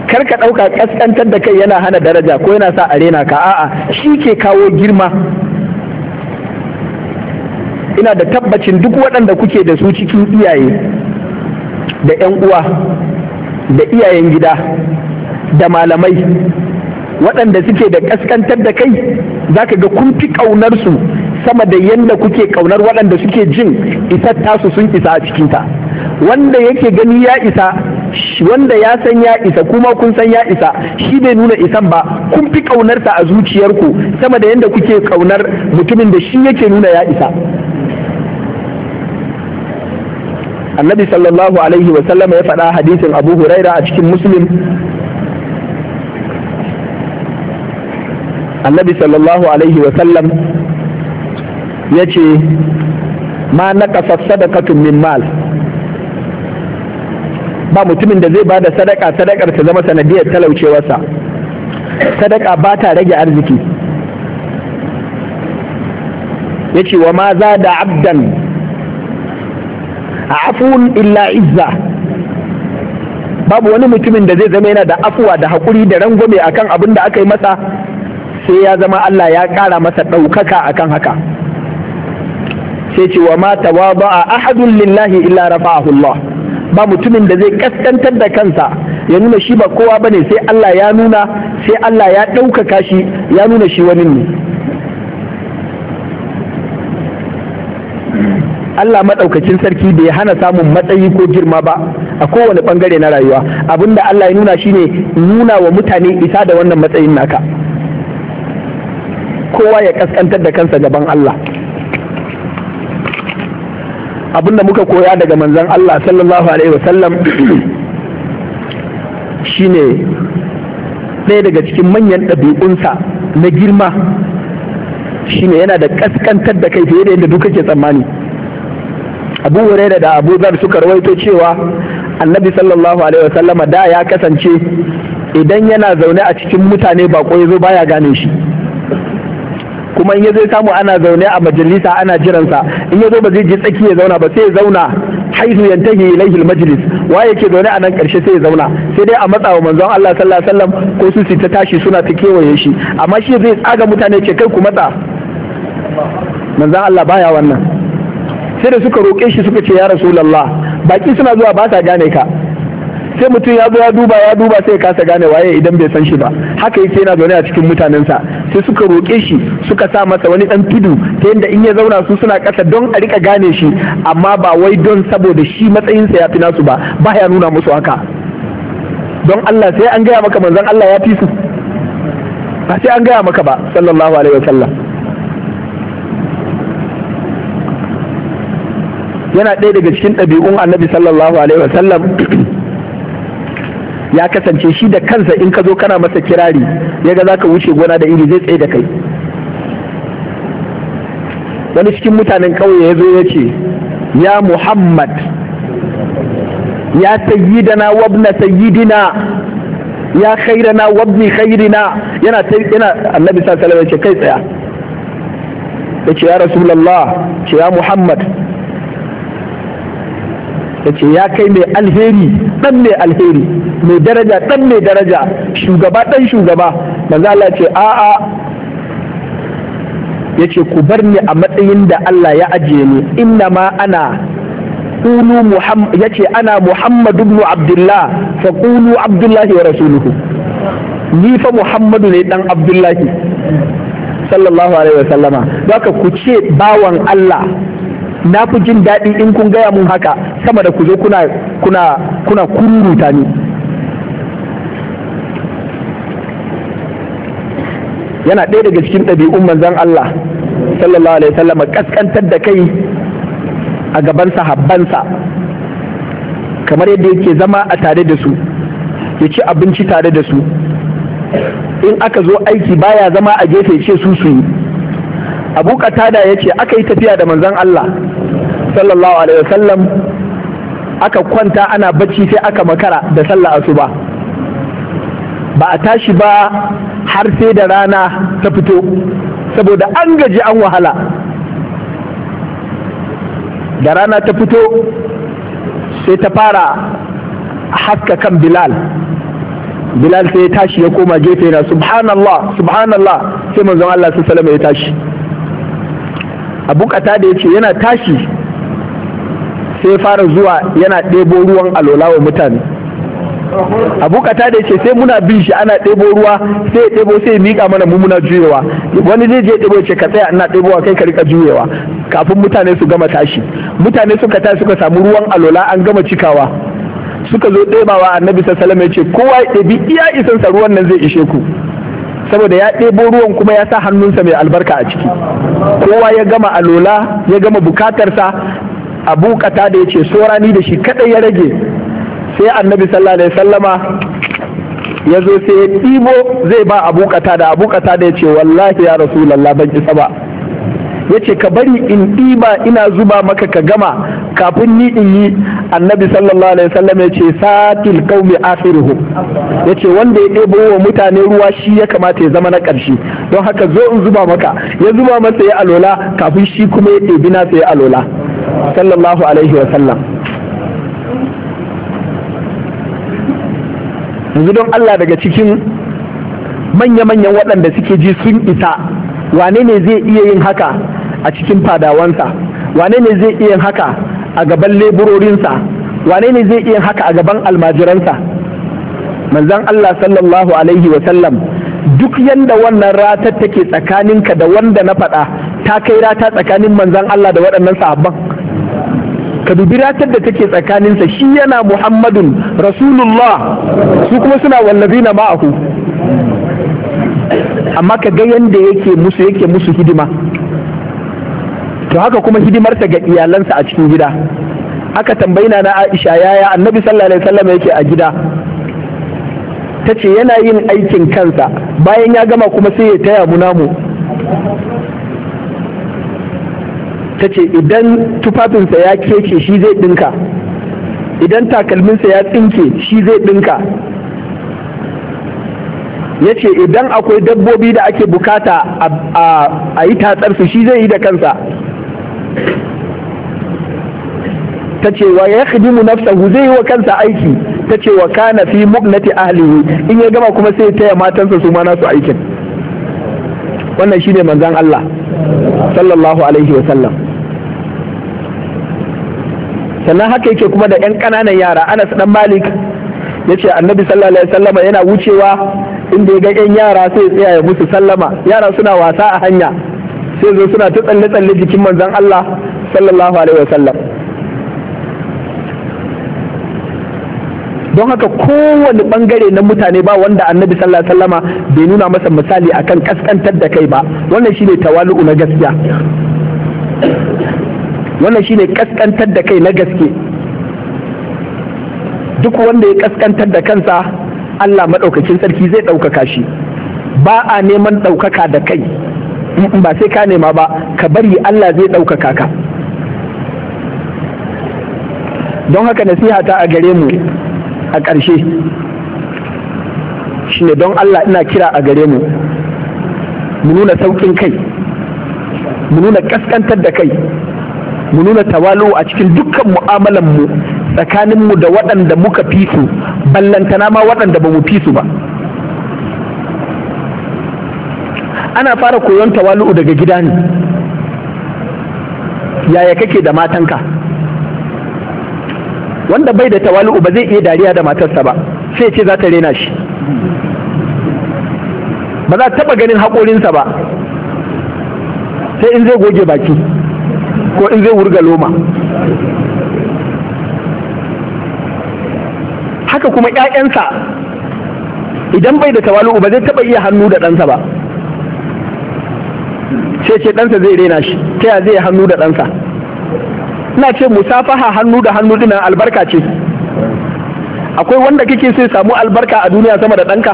kar ka ɗauka ƙasƙantar da kai yana hana daraja ko yana sa arena ka a'a shi ke kawo girma ina da tabbacin duk waɗanda kuke da su cikin iyaye da 'yan uwa da iyayen gida da malamai waɗanda suke da ƙaskantar da kai za ka ga kun fi ƙaunarsu sama da yadda kuke ƙaunar waɗanda suke jin isar tasu sun isa a cikinta wanda yake gani ya isa wanda ya san ya isa kuma kun san ya isa shi bai nuna isan ba kun fi ƙaunarsa a zuciyarku sama da yadda kuke ƙaunar mutumin da shi yake nuna ya isa annabi sallallahu alaihi wa sallama ya faɗa hadisin abu huraira a cikin muslim annabi sallallahu alaihi wa sallam ya ce ma naƙasa sadakatun min mal ba mutumin da zai ba da sadaka sadakar ta zama sanadiyar talaucewarsa sadaka ba ta rage arziki ya ce wa ma za da abdan afuwun illa izza babu wani mutumin da zai zama yana da afuwa da haƙuri da rangwame akan abin da aka yi masa sai ya zama Allah ya ƙara masa ɗaukaka akan haka sai ce wa mata wa ba a ahadun lillahi illa rafa'ahu ba mutumin da zai kaskantar da kansa ya nuna shi ba kowa bane sai Allah ya nuna sai Allah ya ɗaukaka shi ya nuna shi wani ne Allah madaukakin sarki bai hana samun matsayi ko girma ba a kowane bangare na rayuwa abinda Allah ya nuna shine nuna wa mutane isa da wannan matsayin naka kowa ya kaskantar da kansa gaban Allah abinda muka koya daga manzon Allah sallallahu alaihi wasallam [clears throat] shine ɗaya daga cikin manyan ɗabi'unsa na girma shine yana da kaskantar da kai fiye da yadda duk kake tsammani abu huraira da abu zar suka rawaito cewa annabi sallallahu alaihi wasallam da ya kasance idan yana zaune a cikin mutane bako ya zo baya gane shi kuma in ya zai samu ana zaune a majalisa ana jiransa in ya zo ba zai ji tsaki ya zauna ba sai ya zauna haizu yantahi ilaihi almajlis wa yake zaune a nan karshe sai ya zauna sai dai a matsawa manzon Allah sallallahu alaihi wasallam ko su ta tashi suna ta kewaye shi amma shi zai tsaga mutane ce kai ku matsa manzon Allah baya wannan sai da suka roƙe shi suka ce ya rasu rasulullah baki suna zuwa ba sa gane ka sai mutum ya zo ya duba ya duba sai ya kasa gane waye idan bai san shi ba haka yake yana zaune a cikin mutanensa sai suka roƙe shi suka sa masa wani dan tudu ta yadda in ya zauna su suna ƙasa don a rika gane shi amma ba wai don saboda shi matsayinsa ya fi nasu ba ba ya nuna musu haka don Allah sai an gaya maka manzon Allah ya fi su ba sai an gaya maka ba sallallahu alaihi wasallam yana ɗaya daga cikin ɗabi'un annabi sallallahu alaihi wasallam ya kasance shi da kansa in ka zo kana masa kirari ya ga za ka wuce gona da iri zai tsaye da kai wani cikin mutanen ƙauye ya zo ya ce ya muhammad ya sayyidana wabna sayyidina ya khairana wabni khairina yana yana annabi sallallahu alaihi wasallam ya ce kai tsaya ya ce ya rasulullah ce ya muhammad ta ce ya kai mai alheri dan mai alheri mai daraja dan mai daraja shugaba dan shugaba manzo Allah ce a'a yace ku bar ni a matsayin da Allah ya ajiye ni inna ma ana qulu muhammad yace ana muhammad ibn abdullah fa qulu abdullah wa rasuluhu ni fa muhammadu ne dan abdullahi sallallahu alaihi wasallama haka ku ce bawan Allah na fi jin daɗi in kun gaya mun haka sama da ku zo kuna kuna kuna kururuta ni yana ɗaya daga cikin ɗabi'un manzon Allah sallallahu alaihi wasallam kaskantar da kai a gaban sahabbansa kamar yadda yake zama a tare da su ya ci abinci tare da su in aka zo aiki baya zama a gefe ce su su yi abu ƙatada ya ce aka yi tafiya da manzon Allah sallallahu alaihi wasallam aka kwanta ana bacci sai aka makara da sallar asuba ba a tashi ba har sai da rana ta fito saboda an gaji an wahala da rana ta fito sai ta fara haska kan bilal bilal sai ya tashi ya koma gefe na subhanallah subhanallah sai manzon Allah sallallahu alaihi ya tashi abu kata da yace yana tashi sai fara zuwa yana ɗebo ruwan alola wa mutane abu kata da ce sai muna bin shi ana ɗebo ruwa sai ɗebo sai miƙa mana mu muna juyewa wani zai je ɗebo ce ka tsaya ina ɗebowa kai ka rika juyewa kafin mutane su gama tashi mutane suka tashi suka samu ruwan alola an gama cikawa suka zo ɗebawa annabi sallallahu ya ce kowa ya ɗebi iya isan sa ruwan nan zai ishe ku saboda ya ɗebo ruwan kuma ya sa hannunsa mai albarka a ciki kowa ya gama alola ya gama bukatarsa abu kata da ya ce sorani da shi kadai ya rage sai annabi sallallahu alaihi sallama ya zo sai ya ɗibo zai ba abu kata da abu kata da ya ce wallahi ya rasulallah ban isa ba ya ka bari in ɗiba ina zuba maka ka gama kafin ni in yi annabi sallallahu alaihi wasallam ya ce satil qaumi akhiruhu ya wanda ya ɗebo wa mutane ruwa shi ya kamata ya zama na ƙarshe don haka zo in zuba maka ya zuba masa ya alola kafin shi kuma ya ɗebi na sai ya alola sallallahu alaihi wa sallam yanzu don Allah daga cikin manya-manyan waɗanda suke ji sun isa wane ne zai iya yin haka a cikin fadawansa wane ne zai iya yin haka a gaban leburorinsa wane ne zai iya yin haka a gaban almajiransa manzan Allah sallallahu alaihi wa sallam duk yanda wannan ratar take tsakaninka da wanda na faɗa ta kai rata tsakanin manzan Allah da waɗannan sahabban ka dubi ratar da take tsakaninsa shi yana muhammadun rasulullah su kuma suna wallafi na ma'ahu amma ka ga yadda yake musu yake musu hidima to haka kuma hidimarsa ga iyalansa a cikin gida aka tambayi na aisha yaya annabi sallallahu alaihi wasallam yake a gida ta ce yana yin aikin kansa bayan ya gama kuma sai ya taya mu namu ta ce idan tufafinsa ya keke shi zai ɗinka idan takalminsa ya tsinke shi zai ɗinka ya ce idan akwai dabbobi da ake bukata a yi tatsarsu shi zai yi da kansa ta ce wa ya khidimu nafsahu zai yi wa kansa aiki ta ce wa kana fi mugnati ahlihi in ya gama kuma sai taya matansa su ma nasu aikin wannan shine manzan Allah sallallahu alaihi wa sallam sannan haka yake kuma da yan ƙananan yara anas dan malik yace annabi sallallahu alaihi wasallama yana wucewa inda ya ga yan yara sai tsaya ya musu sallama yara suna wasa a hanya sai zo suna ta tsalle tsalle jikin manzon Allah sallallahu alaihi wasallam don haka kowane bangare na mutane ba wanda annabi sallallahu alaihi wasallama bai nuna masa misali akan kaskantar da kai ba wannan shine tawalu'u na gaskiya wannan shine kaskantar da kai na gaske duk wanda ya kaskantar da kansa Allah maɗaukakin sarki zai ɗaukaka shi ba a neman ɗaukaka da kai ba sai ka nema ba ka bari Allah zai ɗaukaka ka don haka nasiha ta a gare mu a ƙarshe shine don Allah ina kira a gare mu mu nuna sauƙin kai mu nuna kaskantar da kai mu nuna tawalu a cikin dukkan mu'amalan mu tsakanin mu da waɗanda muka fi su ballantana ma waɗanda ba mu fi su ba ana fara koyon tawalu daga gida ne yaya kake da matanka wanda bai da tawalu ba zai iya dariya da matarsa ba sai ce za ta rena shi ba za taɓa ganin haƙorinsa ba sai in zai goge baki ko in zai wurga loma haka kuma 'ya'yansa idan bai da tawalu ba zai taɓa iya hannu da ɗansa ba sai ce ɗansa zai rena shi ta ya zai hannu da ɗansa ina ce musafaha hannu da hannu dinan albarka ce akwai wanda kake sai samu albarka a duniya sama da ɗanka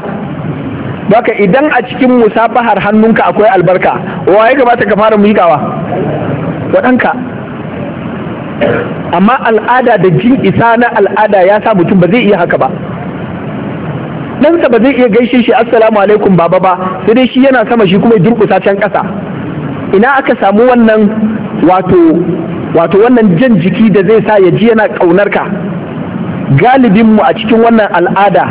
baka idan a cikin musafahar hannunka akwai albarka wa ya gabata ka fara miƙawa waɗanka amma al'ada da jin isa na al'ada ya sa mutum ba zai iya haka ba ɗansa ba zai iya gaishe shi assalamu alaikum baba ba sai dai shi yana sama shi kuma ya durƙusa can ƙasa ina aka samu wannan wato wato wannan jan jiki da zai sa ya ji yana ƙaunar ka galibinmu a cikin wannan al'ada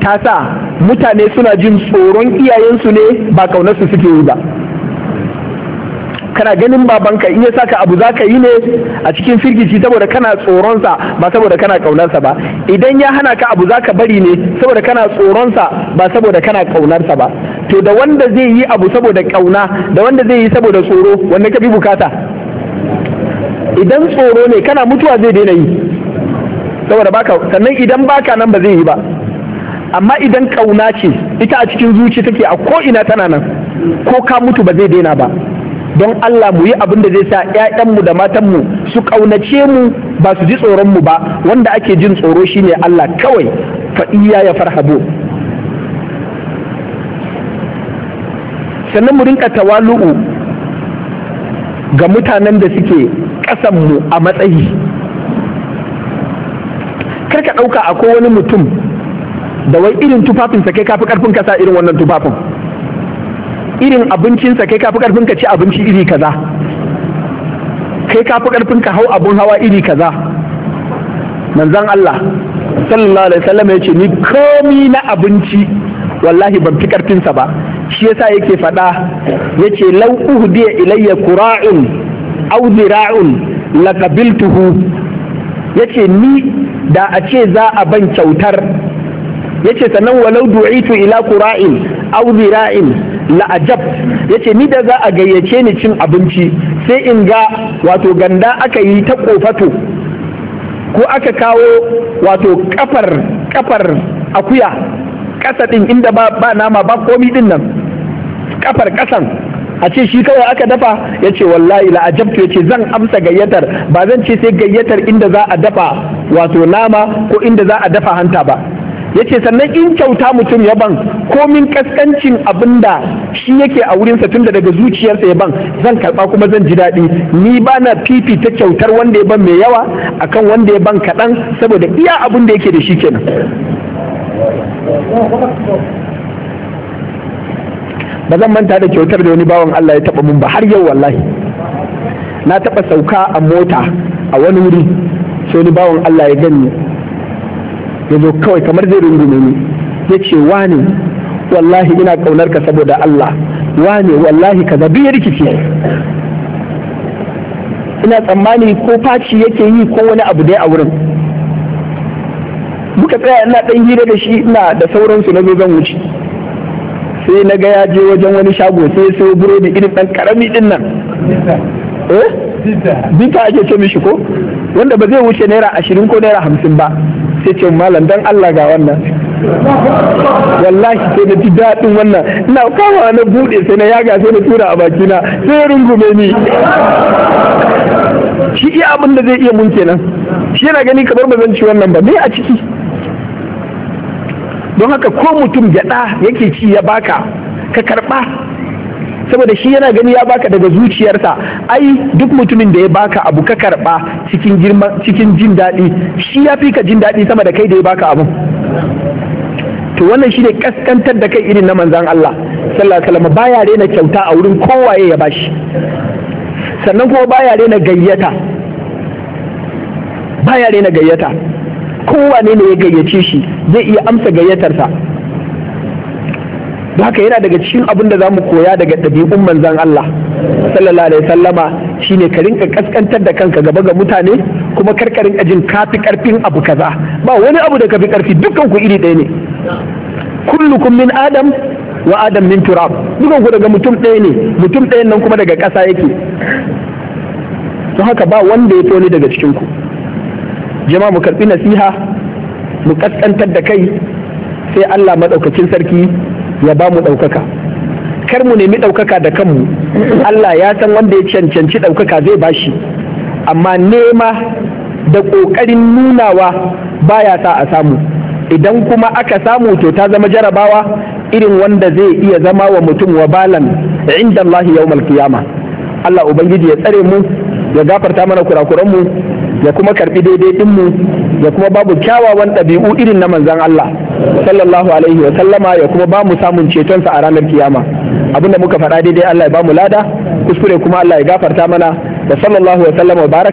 ta sa mutane suna jin tsoron iyayensu ne ba ƙaunarsu suke yi ba kana ganin babanka in ya saka abu zaka yi ne a cikin firgici saboda kana tsoronsa ba saboda kana kaunarsa ba idan ya hana ka abu zaka bari ne saboda kana tsoronsa ba saboda kana kaunarsa ba to da wanda zai yi abu saboda kauna da wanda zai yi saboda tsoro wanda ka bi bukata idan tsoro ne kana mutuwa zai daina yi saboda baka sannan idan baka nan ba zai yi ba amma idan kauna ce ita a cikin zuci take a ko ina tana nan ko ka mutu ba zai daina ba don Allah mu yi abin da zai sa yayanmu da matanmu su ƙaunace mu ba su ji tsoron mu ba wanda ake jin tsoro shi ne Allah kawai fa iya ya farhabo sannan mu rinka tawalu'u ga mutanen da suke ƙasanmu a matsayi karka ɗauka akwai wani mutum da wai irin tufafinsa kai kafi ƙarfin kasa irin wannan tufafin irin abincinsa kai kafi karfin ka ci abinci iri kaza kai kafi karfin ka hau abin hawa iri kaza manzan Allah sallallahu alaihi wasallam ya ce ni komi na abinci wallahi ban fi karfinsa ba shi yasa yake faɗa yace law uhdiya ilayya qura'un aw zira'un laqabiltuhu yace ni da a ce za a ban kyautar yace sanan walau du'itu ila qura'in aw zira'in la'ajab yace ni da za a gayyace ni cin abinci sai in ga wato ganda aka yi ta kofato ko aka kawo wato kafar kafar akuya kasa din inda ba, nama ba komi din nan kafar kasan a ce shi kawai aka dafa ya ce wallahi la'ajab yace ya ce zan amsa gayyatar ba zan ce sai gayyatar inda za a dafa wato nama ko inda za a dafa hanta ba yace sannan in kyauta mutum ya ban komin kaskancin abin da shi yake a wurinsa tun da daga zuciyarsa ya ban zan karba kuma zan ji daɗi ni ba na ta kyautar wanda ya ban mai yawa akan wanda ya ban kaɗan saboda iya abin da yake da shi kenan ba zan manta da kyautar da wani bawan Allah ya taɓa mun ba har yau wallahi na taɓa sauka a mota a wani wuri sai wani bawan Allah ya gani ya zo kawai kamar zai rungume ni ya ce wani wallahi ina kaunar ka saboda Allah wani wallahi kaza duk ya rikice ina tsammani ko faci yake yi ko wani abu dai a wurin muka tsaya ina dan hira da shi ina da sauransu na zo zan wuce sai na ga ya je wajen wani shago sai sai sayo burodi irin dan karami din nan eh bita ake ce mishi ko wanda ba zai wuce naira ashirin ko naira hamsin ba sai ce malam dan Allah ga wannan wallahi sai na ji daɗin wannan ina kawo na buɗe sai na yaga sai na tura a bakina sai rungume ni shi iya abin da zai iya mun kenan shi yana gani kamar ba zan ci wannan ba me a ciki don haka ko mutum gyaɗa yake ci ya baka ka karɓa saboda shi yana gani ya baka daga zuciyarsa ai duk mutumin da ya baka abu ka karba cikin girma cikin jin daɗi shi ya fi ka jin daɗi sama da kai da ya baka abu to wannan shine kaskantar da kai irin na manzon Allah sallallahu alaihi wasallam baya rena kyauta a wurin kowaye ya bashi sannan kuma baya rena gayyata baya rena gayyata kowane ne ya gayyace shi zai iya amsa gayyatarsa da haka yana daga cikin abin da za mu koya daga ɗabi'un manzan Allah sallallahu alaihi sallama shine ka rinka kaskantar da kanka gaba ga mutane kuma karkarin ajin fi karfin abu kaza ba wani abu da kafi karfi dukkan ku iri ɗaya ne kullukum min adam wa adam min turab dukkan ku daga mutum ɗaya ne mutum ɗayan nan kuma daga ƙasa yake don haka ba wanda ya toni daga cikin ku jama'a mu karbi nasiha mu kaskantar da kai sai Allah madaukakin sarki ya ba mu ɗaukaka kar mu nemi ɗaukaka da kanmu Allah ya san wanda ya cancanci ɗaukaka zai bashi amma nema da ƙoƙarin nunawa baya sa a samu idan kuma aka samu to ta zama jarabawa irin wanda zai iya zama wa mutum wa balan inda Allah yawmal malkiyama Allah ubangiji ya tsare mu ya gafarta mana kurakuran mu ya kuma karɓi daidai din mu ya kuma babu kyawawan ɗabi'u irin na manzan Allah sallallahu alaihi wa sallama ya kuma ba mu samun cetonsa a ranar kiyama abinda muka faɗa daidai Allah ya ba mu lada kuskure kuma Allah ya gafarta mana da sallallahu wa sallama